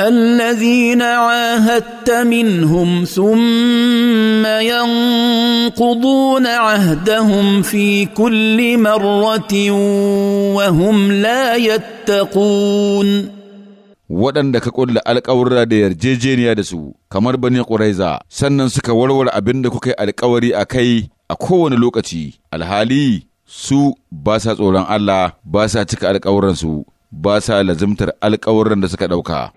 الذين عاهدت منهم ثم ينقضون عهدهم في كل مره وهم لا يتقون waɗanda ka ƙulla alkawara da yarjejeniya da su kamar bani ƙuraiza sannan suka warware abin da kuka yi alƙawari a kai a kowane lokaci alhali su basa tsoron Allah ba sa cika alƙawuransu ba sa lazimtar alƙawuran da suka ɗauka